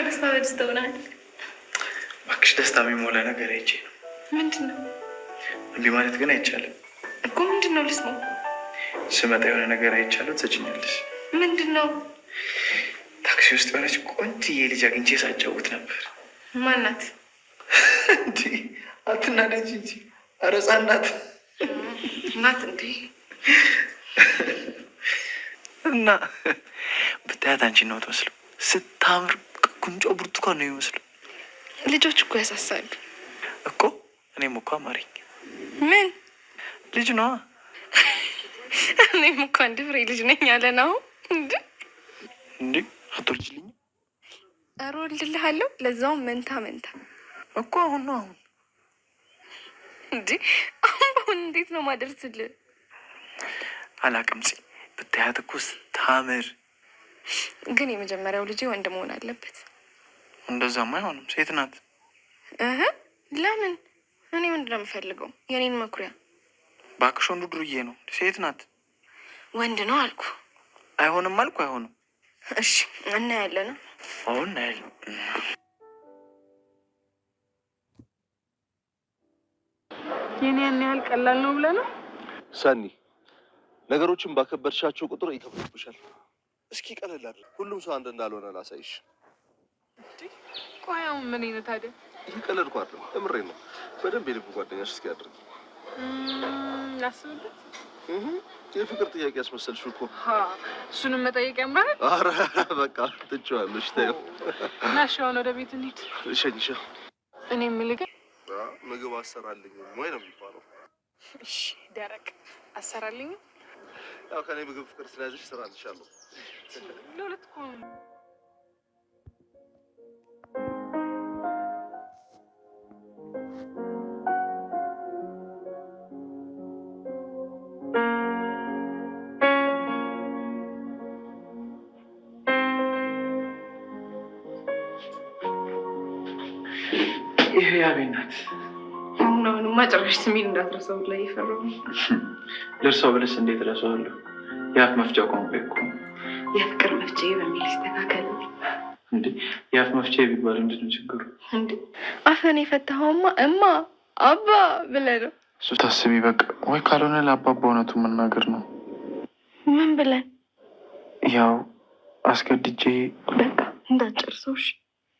ነው ደስታ በደስተውናል። እባክሽ ደስታ የሚሞላ ነገር አይቼ ነው። ምንድን ነው? እምቢ ማለት ግን አይቻልም እኮ። ምንድን ነው? ልስማው። ስመጣ የሆነ ነገር አይቻለሁ። ትሰጭኛለሽ። ምንድን ነው? ታክሲ ውስጥ የሆነች ቆንጅዬ ልጅ አግኝቼ ሳጫውት ነበር። ማናት? እንዲ አትናደጅ እንጂ አረፃ ናት ናት። እንዲ እና ብታያት አንቺን ነው ትመስለው ስታምር ጉንጫው ብርቱካን ነው የሚመስሉ ልጆች እኮ ያሳሳሉ እኮ። እኔም እኮ አማረኝ። ምን ልጅ ነዋ። እኔም እኮ አንድ ፍሬ ልጅ ነኝ አለ ነው እንዲ እንዲ አቶልጅልኝ ሮ ልልሃለሁ። ለዛውም መንታ መንታ እኮ አሁን ነው አሁን እንዲ አሁን በአሁን እንዴት ነው ማደርስልህ? አላቅም ብታያት እኮ ስታምር። ግን የመጀመሪያው ልጅ ወንድ መሆን አለበት። እንደዛማ አይሆንም። ሴት ናት። ለምን? እኔ ምንድን ነው የምፈልገው? የኔን መኩሪያ እባክሽ። ወንዱ ዱርዬ ነው። ሴት ናት። ወንድ ነው አልኩ። አይሆንም አልኩ። አይሆንም። እሺ፣ እናያለን። አዎ፣ እናያለን። የኔ ያን ያህል ቀላል ነው ብለህ ነው ሰኒ? ነገሮችን ባከበድሻቸው ቁጥር ይከብድብሻል። እስኪ ቀለል አድርግ። ሁሉም ሰው አንድ እንዳልሆነ ላሳይሽ። ቆያው ምን አይነት አይደል? እየቀለድኩ ነው። በደንብ የልብ ጓደኛሽ እስኪ የፍቅር ጥያቄ ያስመሰልሽው እኮ። እሱንም መጠየቅ ያምራል። አረ በቃ ተይው እና እሺ፣ አሁን ወደ ቤት እንሂድ። እሸኝሻ። እኔ የምልህ ምግብ አሰራልኝ ወይ ነው የሚባለው? እሺ፣ ደረቅ አሰራልኝ። ያው ከእኔ ምግብ ፍቅር ስለያዘሽ ለሁለት እኮ ነው ያቤናት አሁን አሁንማ ጭራሽ ስሜን እንዳትረሳው ላይ የፈራሁ ልርሳው ብለሽ እንዴት እረሳዋለሁ? የአፍ መፍቻ ቋንቋ እኮ የፍቅር መፍቻ በሚል ይስተካከል እንዴ። የአፍ መፍቻ ቢባል ምንድን ነው ችግሩ? እንዴ አፈን የፈታኸውማ እማ አባ ብለህ ነው። እሱ ታስቢ በቃ ወይ ካልሆነ ለአባባ እውነቱ መናገር ነው። ምን ብለን ያው አስገድጄ በቃ እንዳትጨርሰው እሺ።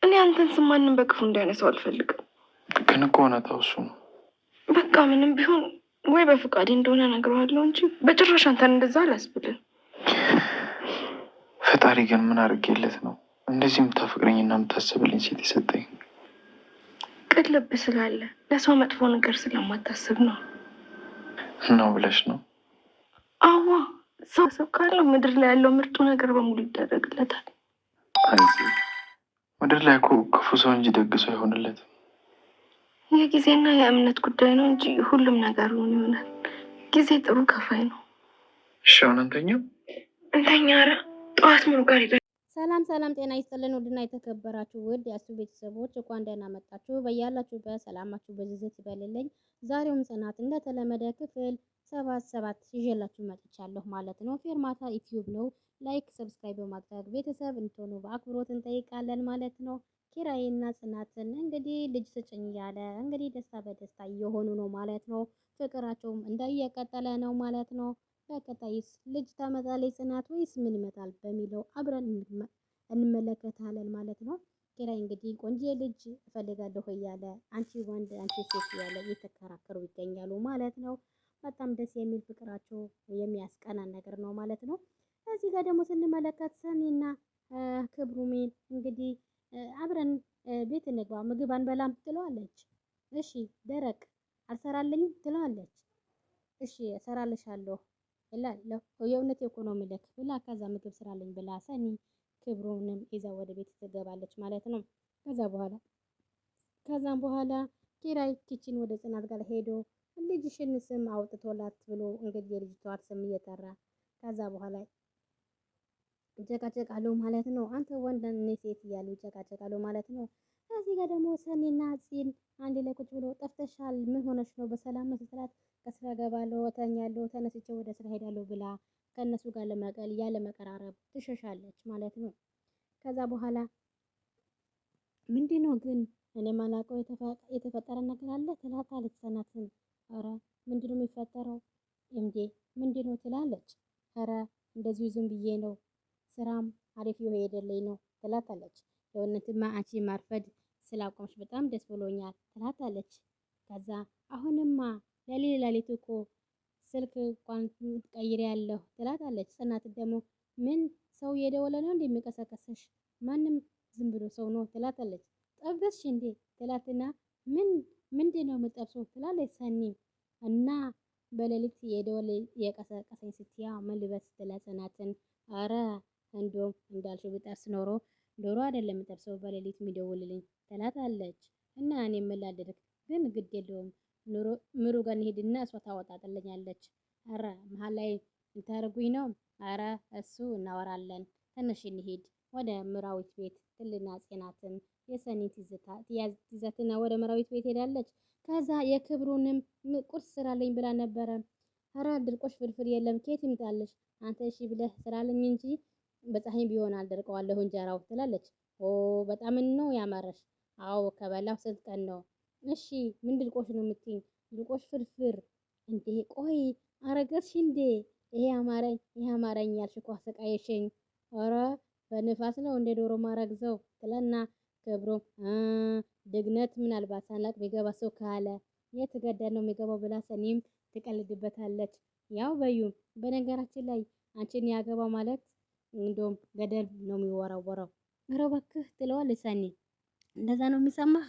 እኔ አንተን ስም ማንም በክፉ እንዳይነሳው አልፈልግም። ግን እኮ እውነታው እሱ ነው። በቃ ምንም ቢሆን ወይ በፈቃዴ እንደሆነ እነግረዋለሁ እንጂ በጭራሽ አንተን እንደዛ አላስብልን። ፈጣሪ ግን ምን አድርጌለት ነው እንደዚህ የምታፈቅረኝና የምታስብልኝ ሴት የሰጠኝ? ቅን ልብ ስላለ ለሰው መጥፎ ነገር ስለማታስብ ነው። ነው ብለሽ ነው? አዋ ሰው ሰብ ካለው ምድር ላይ ያለው ምርጡ ነገር በሙሉ ይደረግለታል። ምድር ላይ እኮ ክፉ ሰው እንጂ ደግ ሰው አይሆንለትም። የጊዜና የእምነት ጉዳይ ነው እንጂ ሁሉም ነገር ሆን ይሆናል። ጊዜ ጥሩ ከፋይ ነው። እሺ አሁን እንተኛ እንተኛ። ኧረ ጠዋት ምኑ ጋር ይበ ሰላም ሰላም፣ ጤና ይስጥልን ውድና የተከበራችሁ ውድ የአሱ ቤተሰቦች እንኳን ደህና መጣችሁ። በያላችሁበት ሰላማችሁ በዝዝት ይበልልኝ። ዛሬውም ጽናት እንደተለመደ ክፍል ሰባት ሰባት ይዤላችሁ መጥቻለሁ ማለት ነው። ፌርማታ ዩቲዩብ ነው። ላይክ ሰብስክራይብ በማድረግ ቤተሰብ እንድትሆኑ በአክብሮት እንጠይቃለን ማለት ነው። ኪራይና ጽናትን እንግዲህ ልጅ ስጭኝ እያለ እንግዲህ ደስታ በደስታ እየሆኑ ነው ማለት ነው። ፍቅራቸውም እንደየቀጠለ ነው ማለት ነው። በቀጣይስ ልጅ ታመጣለች ጽናት ወይስ ምን ይመጣል በሚለው አብረን እንመለከታለን ማለት ነው። ኪራይ እንግዲህ ቆንጆ ልጅ እፈልጋለሁ እያለ አንቺ ወንድ አንቺ ሴት እያለ እየተከራከሩ ይገኛሉ ማለት ነው። በጣም ደስ የሚል ፍቅራቸው የሚያስቀና ነገር ነው ማለት ነው። እዚህ ጋር ደግሞ ስንመለከት ሰኒና ክብሩሜን እንግዲህ አብረን ቤት እንግባ ምግብ አንበላም ትለዋለች። እሺ ደረቅ አልሰራልኝም ትለዋለች። እሺ እሰራልሻለሁ የእውነት ኢኮኖሚ ልክ ብላ ከዛ ምግብ ስራልኝ ብላ ሰኒ ክብሩንም ይዛ ወደ ቤት ትገባለች ማለት ነው። ከዛ በኋላ ከዛም በኋላ ኪራይ ኪችን ወደ ጽናት ጋር ሄዶ ልጅሽን ስም አውጥቶላት ብሎ እንግዲህ የልጅቷን ስም እየጠራ ከዛ በኋላ ይጨቃጨቃሉ ማለት ነው። አንተ ወንድ እኔ ሴት እያሉ ይጨቃጨቃሉ ማለት ነው። ከዚህ ጋር ደግሞ ሰኔና ጺን አንድ ላይ ቁጭ ብሎ ጠፍተሻል፣ ምን ሆነሽ ነው? በሰላም መስተላት ከስራ ገባለሁ፣ እተኛለሁ፣ ተነስቼ ወደ ስራ ሄዳለሁ ብላ ከእነሱ ጋር ለመቀል ያለ መቀራረብ ትሸሻለች ማለት ነው። ከዛ በኋላ ምንድን ነው ግን እኔ ማላውቀው የተፈጠረ ነገር አለ ትላታለች ፅናትን። ኧረ ምንድን ነው የሚፈጠረው እንዴ? ምንድን ነው ትላለች። ኧረ እንደዚሁ ዝም ብዬ ነው ስራም አሪፍ እየሄደልኝ ነው ትላታለች። የእውነትማ አንቺ ማርፈድ ስላቆምሽ በጣም ደስ ብሎኛል ትላታለች። ከዛ አሁንማ ለሌ ሌሊት እኮ ስልክ እንኳን ቀይሬ ያለሁ ትላታለች። ጽናት ደግሞ ምን ሰው የደወለ ነው እንዴ የሚቀሰቀስሽ? ማንም ዝም ብሎ ሰው ነው ትላታለች። ጠበስሽ እንዴ ትላትና ምን ምንድን ነው የምጠብሰው ትላለች። ሰኒ እና በሌሊት የደወለ የቀሰቀሰኝ ስትያ መልበስ ትላት ጽናትን አረ እንዲሁም እንዳልሽው ብጠርስ ኖሮ ዶሮ አይደለም የምጠርሰው በሌሊት የሚደውልልኝ ትላታለች። እና እኔ የምላደርግ ግን ግድ የለውም ምሩ ጋር እንሂድና እሷ ታወጣጥልኛለች። አረ መሀል ላይ እንታርጉኝ ነው። አረ እሱ እናወራለን። ተነሽ እንሂድ ወደ ምራዊት ቤት ትልና ጽናትን የሰኒ ትይዛትና ወደ ምራዊት ቤት ሄዳለች። ከዛ የክብሩንም ቁርስ ስራልኝ ብላ ነበረ። አረ ድርቆሽ ፍርፍር የለም ኬት ይምጣለች። አንተ እሺ ብለህ ስራልኝ እንጂ በፀሐይ ቢሆን አልደርቀዋለሁ እንጀራው ትላለች። ኦ በጣም ነው ያማረሽ። አዎ ከበላሁ ስንት ቀን ነው? እሺ ምን ድልቆሽ ነው የምትይኝ? ድልቆሽ ፍርፍር እንዴ? ቆይ አረገዝሽ እንዴ? ይሄ አማረኝ ይሄ አማረኝ ያልሽ እኮ አሰቃየሽኝ። ኧረ በንፋስ ነው እንደ ዶሮ ማረግዘው ትለና ክብሮ ድግነት ምናልባት ሳላቅ የሚገባ ሰው ካለ የተገደል ነው የሚገባው ብላ ሰኒም ትቀልድበታለች። ያው በዩ በነገራችን ላይ አንቺን ያገባ ማለት እንደውም ገደል ነው የሚወራወረው። ኧረ እባክህ ትለዋለች ሰኒ። እንደዛ ነው የሚሰማህ?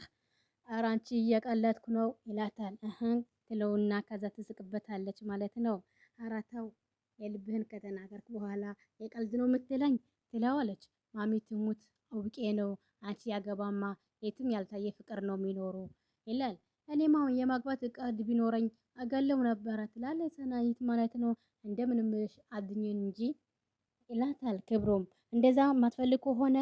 ኧረ አንቺ እየቀለድኩ ነው ይላታል። እህን ትለውና ከዛ ትስቅበታለች ማለት ነው። ኧረ ተው የልብህን ከተናገርክ በኋላ የቀልድ ነው የምትለኝ ትለዋለች። ማሚ ትሙት አውቄ ነው አንቺ ያገባማ የትም ያልታየ ፍቅር ነው የሚኖሩ ይላል። እኔም አሁን የማግባት እቅድ ቢኖረኝ አገለው ነበረ ትላለች ሰናይት ማለት ነው። እንደምንም አድኜን እንጂ ይላታል ክብሮም። እንደዛ ማትፈልግ ከሆነ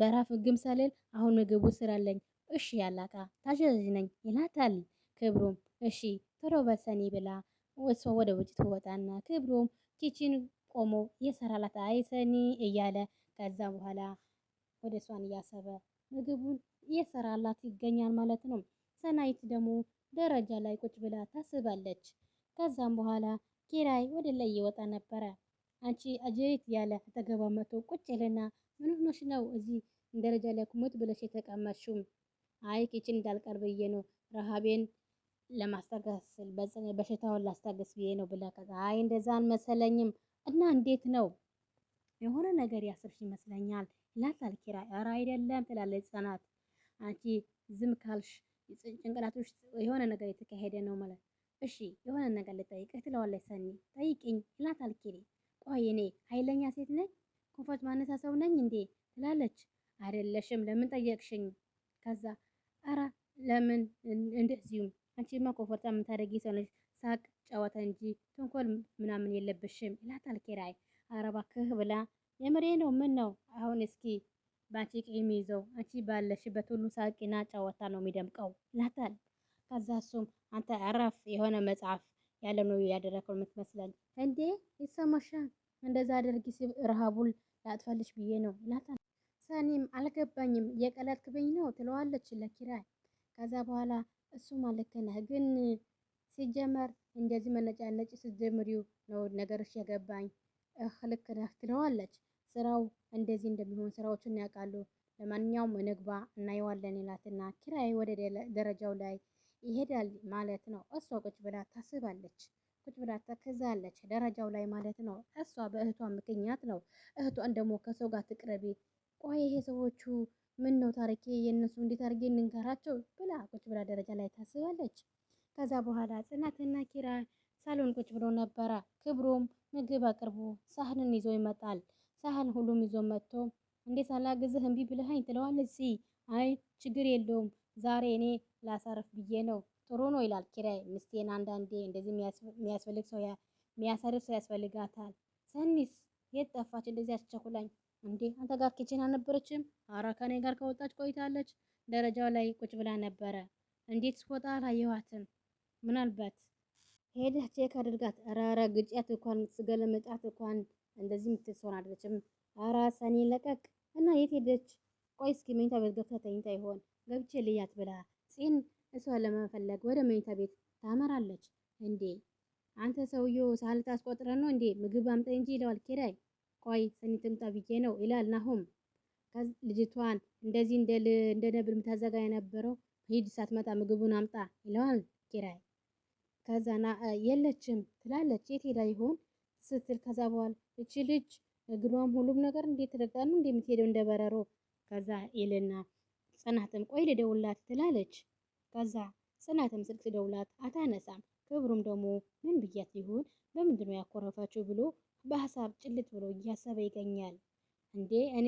በራፍ ምግብ ሳልል አሁን ምግቡ ስራለኝ። እሺ ያላታ ታሸዝ ነኝ ይላታል ክብሮም። እሺ ቶሎ በሰኒ ብላ እሷ ወደ ውጭ ትወጣና ክብሮም ኪችን ቆሞ የሰራላት አይሰኒ እያለ ከዛ በኋላ ወደ እሷን እያሰበ ምግቡን እየሰራላት ይገኛል ማለት ነው። ሰናይት ደግሞ ደረጃ ላይ ቁጭ ብላ ታስባለች። ከዛም በኋላ ኪራይ ወደ ላይ እየወጣ ነበረ። አንቺ አጀት ያለ አጠገቧ መቶ ቁጭ ይልና ምን ሆነሽ ነው እዚህ ደረጃ ላይ ቁመት ብለሽ የተቀመጥሽው? አይ ኪችን እንዳልቀር ብዬ ነው ረሃቤን ለማስታገስ በሽታውን ላስታገስ ብዬ ነው ብላ ከዛ አይ እንደዛ አልመሰለኝም። እና እንዴት ነው የሆነ ነገር ያስብሽ ይመስለኛል ይላታል ኪራ። ኧረ አይደለም ትላለች ጽናት። አንቺ ዝም ካልሽ ጭንቅላቶች የሆነ ነገር የተካሄደ ነው ማለት እሺ፣ የሆነ ነገር ልጠይቅህ ትለዋለች ሰኒ። ጠይቅኝ ይላታል ኪሪ። ቆይ እኔ ኃይለኛ ሴት ነኝ? ኮንፎርት ማነሳ ሰው ነኝ እንዴ? ትላለች። አይደለሽም፣ ለምን ጠየቅሽኝ? ከዛ አረ ለምን እንደዚሁም አንቺማ ኮፈርታ የምታደርጊ ሰው ነሽ፣ ሳቅ ጨዋታ እንጂ ተንኮል ምናምን የለብሽም ይላታል ኪራይ። አረ እባክህ ብላ የምሬ ነው። ምን ነው አሁን እስኪ ባንቺ ቅም ይዘው አንቺ ባለሽበት ሁሉ ሳቂና ጨዋታ ነው የሚደምቀው ይላታል። ከዛ እሱም አንተ አረፍ የሆነ መጽሐፍ ያለ ነው ያደረከው የምትመስለን እንዴ ይሰማሻል? እንደዛ አድርጊ ሲል ረሃቡን ላጥፈልሽ ብዬ ነው ይላታል። ሰኒም አልገባኝም የቀለድክብኝ ነው ትለዋለች ለኪራይ። ከዛ በኋላ እሱማ ልክ ነህ፣ ግን ሲጀመር እንደዚህ መነጫነጭ ስትጀምሪው ነው ነገሮች የገባኝ። እህ ልክ ነህ ትለዋለች። ስራው እንደዚህ እንደሚሆን ስራዎቹን ያውቃሉ። ለማንኛውም እንግባ እናየዋለን ይላትና ኪራይ ወደ ደረጃው ላይ ይሄዳል ማለት ነው። እሷ ቁጭ ብላ ታስባለች። ቁጭ ብላ ተክዛለች፣ ደረጃው ላይ ማለት ነው። እሷ በእህቷ ምክንያት ነው። እህቷን ደግሞ ከሰው ጋር ትቅረቢ። ቆይ ይሄ ሰዎቹ ምን ነው ታሪኬ፣ የእነሱ እንዴት አድርጌ እንንገራቸው ብላ ቁጭ ብላ ደረጃ ላይ ታስባለች። ከዛ በኋላ ጽናትና ኪራ ሳሎን ቁጭ ብሎ ነበረ። ክብሮም ምግብ አቅርቦ ሳህንን ይዞ ይመጣል። ሳህን ሁሉም ይዞ መጥቶ እንዴት አላግዝህ እምቢ ብለኸኝ ትለዋለች። አይ ችግር የለውም ዛሬ እኔ ላሳረፍ ብዬ ነው ጥሩ ነው ይላል ኪራይ። ሚስቴን አንዳንዴ እንደዚህ የሚያስፈልግ ሰው የሚያሰርፍ ሰው ያስፈልጋታል። ሰኒስ የት ጠፋች? እንደዚህ አስቸኩላኝ እንዴ አንተ ጋር ኪችን አልነበረችም? አራ ከኔ ጋር ከወጣች ቆይታለች። ደረጃው ላይ ቁጭ ብላ ነበረ። እንዴት ስወጣ አላየኋትም። ምናልባት ሄደህ ቼክ አድርጋት። አራራ ግጭያት እንኳን ስገለመጣት እንኳን እንደዚህ የምትሆን አይደለችም። አራ ሰኒ ለቀቅ እና የት ሄደች? ቆይ እስኪ መኝታ ቤት ገብታ ተኝታ ይሆን ገብቼ ልያት ብላ ጽን እሷን ለመፈለግ ወደ መኝታ ቤት ታመራለች። እንዴ አንተ ሰውዬው ሳልት አስቆጥረን ነው እንዴ? ምግብ አምጣ እንጂ ይለዋል ኪራይ። ቆይ ሰኒ ትምጣ ብዬ ነው ይላል ናሁም። ልጅቷን እንደዚህ እንደ ነብር የምታዘጋ የነበረው ሂድ ሳትመጣ ምግቡን አምጣ ይለዋል ኪራይ። ከዛና የለችም ትላለች። የት ሄዳ ይሆን ስትል ከዛ በኋላ እቺ ልጅ እግሯም ሁሉም ነገር እንዴት ተደጋ እንደምትሄደው እንደበረሮ። ከዛ ይልና ጽናትም ቆይ ልደውላት ትላለች። ከዛ ጽናትም ስልክ ደውላት አታነሳም። ክብሩም ደግሞ ምን ብያት ይሆን በምንድን ነው ያኮረፋችሁ ብሎ በሀሳብ ጭልጥ ብሎ እያሰበ ይገኛል። እንዴ እኔ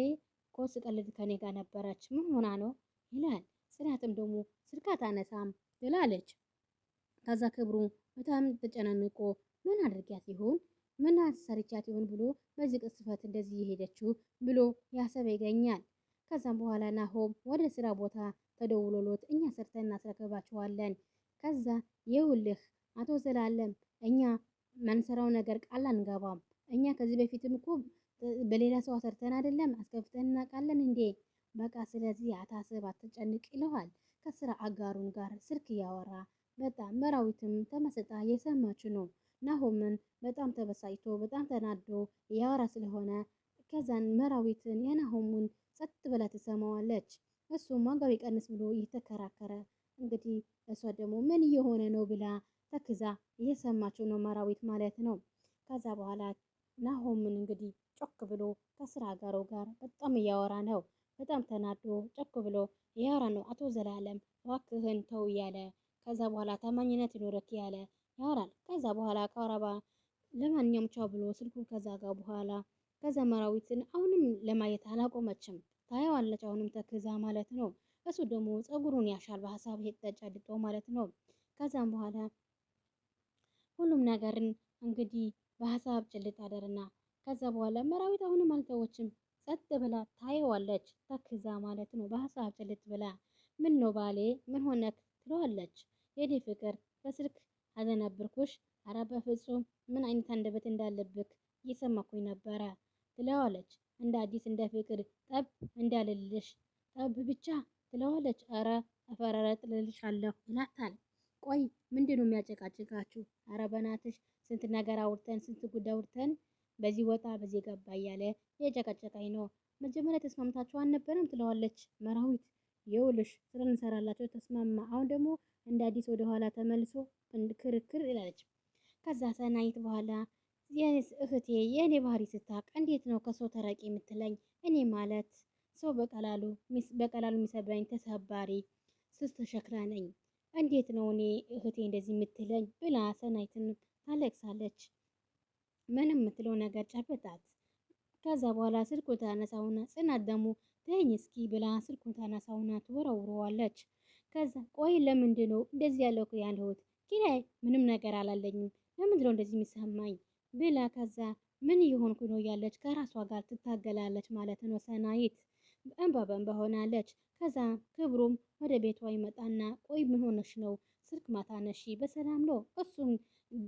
እኮ ስቀልድ ከኔ ጋር ነበረች ምን ሆና ነው ይላል። ጽናትም ደግሞ ስልክ አታነሳም ትላለች። ከዛ ክብሩ በጣም ተጨናንቆ ምን አድርጊያት ይሆን ምን አሰርቻት ይሁን ብሎ በዚህ ቅስፈት እንደዚህ የሄደችው ብሎ ያሰበ ይገኛል። ከዛም በኋላ ናሆም ወደ ስራ ቦታ ተደውሎሎት እኛ ሰርተን እናስረክባችኋለን። ከዛ የውልህ አቶ ዘላለም እኛ መንሰራው ነገር ቃል አንገባም። እኛ ከዚህ በፊትም እኮ በሌላ ሰው አሰርተን አይደለም አስገብተን እናውቃለን እንዴ? በቃ ስለዚህ አታስብ፣ አትጨንቅ ይለዋል። ከስራ አጋሩን ጋር ስልክ እያወራ በጣም መራዊትም ተመስጣ የሰማች ነው። ናሆምን በጣም ተበሳጭቶ በጣም ተናዶ እያወራ ስለሆነ ከዛን መራዊትን የናሆሙን ጸጥ ብላ ትሰማዋለች። እሱም ዋጋው ይቀንስ ብሎ እየተከራከረ እንግዲህ እሷ ደግሞ ምን እየሆነ ነው ብላ ተክዛ እየሰማችው ነው መራዊት ማለት ነው። ከዛ በኋላ ናሆምን እንግዲህ ጮክ ብሎ ከስራ ጋሩ ጋር በጣም እያወራ ነው። በጣም ተናዶ ጮክ ብሎ እያወራ ነው። አቶ ዘላለም እባክህን ተው እያለ ከዛ በኋላ ታማኝነት ይኖረክ እያለ ያወራል። ከዛ በኋላ ከአረባ ለማንኛውም ቻው ብሎ ስልኩን ከዛ ጋር በኋላ ከዛ መራዊትን አሁንም ለማየት አላቆመችም። ታየዋለች አሁንም ተክዛ ማለት ነው። እሱ ደግሞ ፀጉሩን ያሻል በሀሳብ ተጨድጦ ማለት ነው። ከዛም በኋላ ሁሉም ነገርን እንግዲህ በሀሳብ ጭልጥ አደርና ከዛ በኋላ መራዊት አሁንም አልተወችም። ጸጥ ብላ ታየዋለች ተክዛ ማለት ነው። በሀሳብ ጭልጥ ብላ ምን ነው ባሌ ምን ሆነክ ትለዋለች። የኔ ፍቅር በስልክ አዘነብርኩሽ፣ አረ በፍጹም ምን አይነት አንደበት እንዳለብክ እየሰማኩኝ ነበረ ትለዋለች። እንደ አዲስ እንደ ፍቅር ጠብ እንዳልልሽ ጠብ ብቻ ትለዋለች። አረ አፈረረ ጥልልሽ አለሁ ይላታል። ቆይ ምንድን ነው የሚያጨቃጭቃችሁ? አረ በናትሽ ስንት ነገር አውርተን ስንት ጉዳይ አውርተን በዚህ ወጣ በዚህ ገባ እያለ የጨቀጨቀኝ ነው። መጀመሪያ ተስማምታችሁ አልነበረም? ትለዋለች መራዊት የውልሽ ስራ እንሰራላቸው ተስማማ። አሁን ደግሞ እንደ አዲስ ወደኋላ ተመልሶ ክርክር ይላለች። ከዛ ሰናይት በኋላ እህቴ የእኔ ባህሪ ስታቅ እንዴት ነው ከሰው ተራቂ የምትለኝ? እኔ ማለት ሰው በቀላሉ በቀላሉ የሚሰብረኝ ተሰባሪ ስስ ተሸክላ ነኝ። እንዴት ነው እኔ እህቴ እንደዚህ የምትለኝ? ብላ ሰናይትን ታለቅሳለች። ምንም የምትለው ነገር ጨበጣት። ከዛ በኋላ ስልኩን ታነሳውና ጽናት ደግሞ ተይኝ እስኪ ብላ ስልኩን ታነሳውና ትወረውረዋለች። ከዛ ቆይ ለምንድን ነው እንደዚህ ያለው ያለሁት? ኪራይ ምንም ነገር አላለኝም። ለምንድን ነው እንደዚህ የሚሰማኝ ብላ ከዛ ምን ይሁን ኩኖ ያለች ከራሷ ጋር ትታገላለች ማለት ነው። ሰናይት በእንባ በእንባ ሆናለች። ከዛ ክብሩም ወደ ቤቷ ይመጣና ቆይ ምን ሆነሽ ነው? ስልክ ነሺ በሰላም ነው? እሱም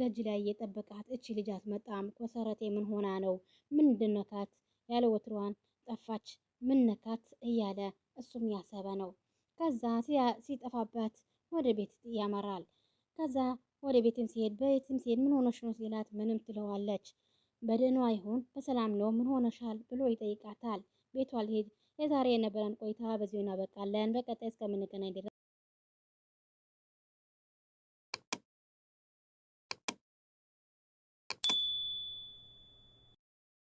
ደጅ ላይ የጠበቃት እቺ ልጅ አትመጣም። ኮሰረቴ ምን ሆና ነው? ምን እንድነካት ያለ ወትሯን ጠፋች፣ ምን ነካት እያለ እሱም ያሰበ ነው። ከዛ ሲጠፋበት ወደ ቤት ያመራል። ከዛ ወደ ቤትም ሲሄድ በቤትም ሲሄድ ምን ሆነሽ ነው ሲላት ምንም ትለዋለች። በደህና ይሁን በሰላም ነው ምን ሆነሻል ብሎ ይጠይቃታል። ቤቷ ልሄድ የዛሬ የነበረን ቆይታ በዚሁ እናበቃለን። በቀጣይ እስከምንገናኝ ድረስ